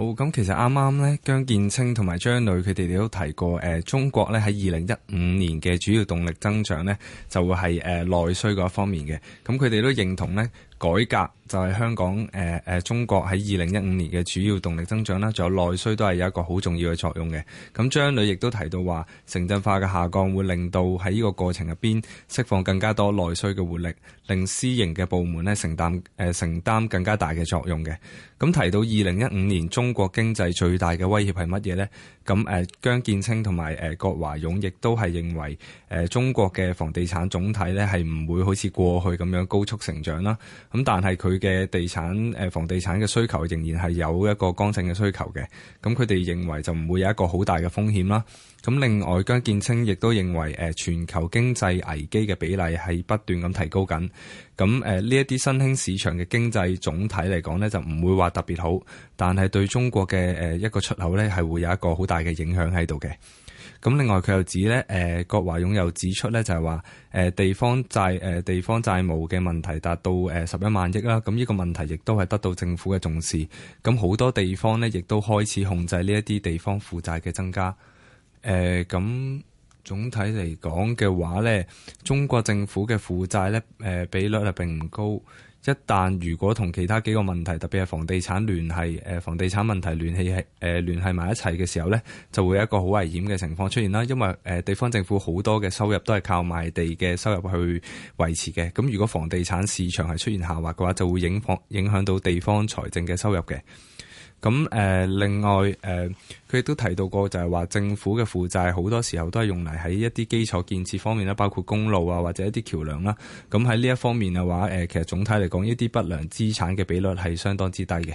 好，咁、哦、其實啱啱咧，姜建清同埋張磊佢哋都提過，誒、呃，中國咧喺二零一五年嘅主要動力增長咧，就會係誒內需嗰一方面嘅，咁佢哋都認同咧。改革就係、是、香港誒誒、呃、中國喺二零一五年嘅主要動力增長啦，仲有內需都係有一個好重要嘅作用嘅。咁張磊亦都提到話，城鎮化嘅下降會令到喺呢個過程入邊釋放更加多內需嘅活力，令私營嘅部門咧承擔誒、呃、承擔更加大嘅作用嘅。咁提到二零一五年中國經濟最大嘅威脅係乜嘢呢？咁、呃、誒，姜建清同埋誒葛華勇亦都係認為誒、呃、中國嘅房地產總體咧係唔會好似過去咁樣高速成長啦。咁但係佢嘅地產誒房地產嘅需求仍然係有一個剛性嘅需求嘅，咁佢哋認為就唔會有一個好大嘅風險啦。咁另外，姜建清亦都認為誒全球經濟危機嘅比例係不斷咁提高緊，咁誒呢一啲新興市場嘅經濟總體嚟講呢，就唔會話特別好，但係對中國嘅誒一個出口呢，係會有一個好大嘅影響喺度嘅。咁另外佢又指呢，誒、呃、葛華勇又指出呢，就係、是、話，誒、呃、地方債、呃、地方債務嘅問題達到誒十一萬億啦。咁呢個問題亦都係得到政府嘅重視。咁好多地方呢，亦都開始控制呢一啲地方負債嘅增加。咁、呃、總體嚟講嘅話呢，中國政府嘅負債呢，呃、比率啊並唔高。一旦如果同其他幾個問題，特別係房地產聯繫，誒房地產問題聯繫係誒聯繫埋一齊嘅時候呢，就會有一個好危險嘅情況出現啦。因為地方政府好多嘅收入都係靠賣地嘅收入去維持嘅，咁如果房地產市場係出現下滑嘅話，就會影況影響到地方財政嘅收入嘅。咁誒、呃、另外誒，佢亦都提到過，就係話政府嘅負債好多時候都係用嚟喺一啲基礎建設方面啦，包括公路啊或者一啲橋梁啦、啊。咁喺呢一方面嘅話、呃，其實總體嚟講，一啲不良資產嘅比率係相當之低嘅。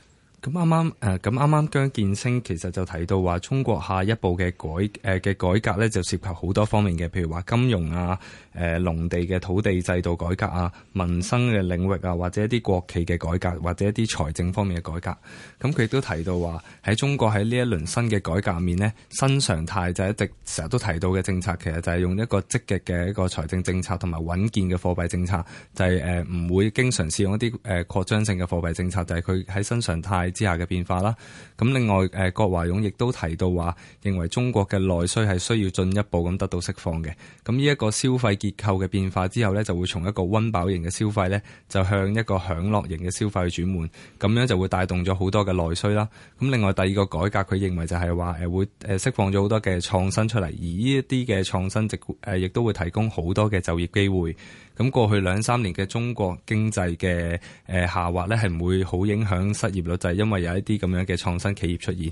咁啱啱誒咁啱啱姜建清其實就提到話，中國下一步嘅改誒嘅、呃、改革咧，就涉及好多方面嘅，譬如話金融啊、誒、呃、農地嘅土地制度改革啊、民生嘅領域啊，或者一啲國企嘅改革，或者一啲財政方面嘅改革。咁佢亦都提到話，喺中國喺呢一輪新嘅改革入面咧，新常態就一直成日都提到嘅政策，其實就係用一個積極嘅一個財政政策同埋穩健嘅貨幣政策，就係誒唔會經常使用一啲誒、呃、擴張性嘅貨幣政策，就係佢喺新常態之下嘅變化啦，咁另外誒葛華勇亦都提到話，認為中國嘅內需係需要進一步咁得到釋放嘅。咁呢一個消費結構嘅變化之後呢，就會從一個温飽型嘅消費呢，就向一個享樂型嘅消費轉換，咁樣就會帶動咗好多嘅內需啦。咁另外第二個改革，佢認為就係話誒會誒釋放咗好多嘅創新出嚟，而呢一啲嘅創新值誒亦都會提供好多嘅就業機會。咁過去兩三年嘅中國經濟嘅誒下滑呢，係唔會好影響失業率，就係因為有一啲咁樣嘅創新企業出現。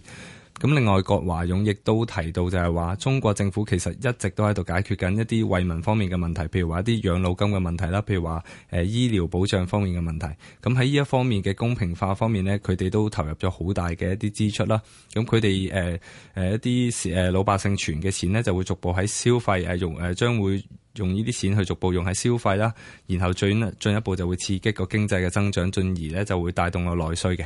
咁另外，葛華勇亦都提到就係話，中國政府其實一直都喺度解決緊一啲惠民方面嘅問題，譬如話一啲養老金嘅問題啦，譬如話誒醫療保障方面嘅問題。咁喺呢一方面嘅公平化方面呢，佢哋都投入咗好大嘅一啲支出啦。咁佢哋誒一啲老百姓存嘅錢呢，就會逐步喺消費用，將會用呢啲錢去逐步用喺消費啦，然後進進一步就會刺激個經濟嘅增長，進而呢就會帶動個內需嘅。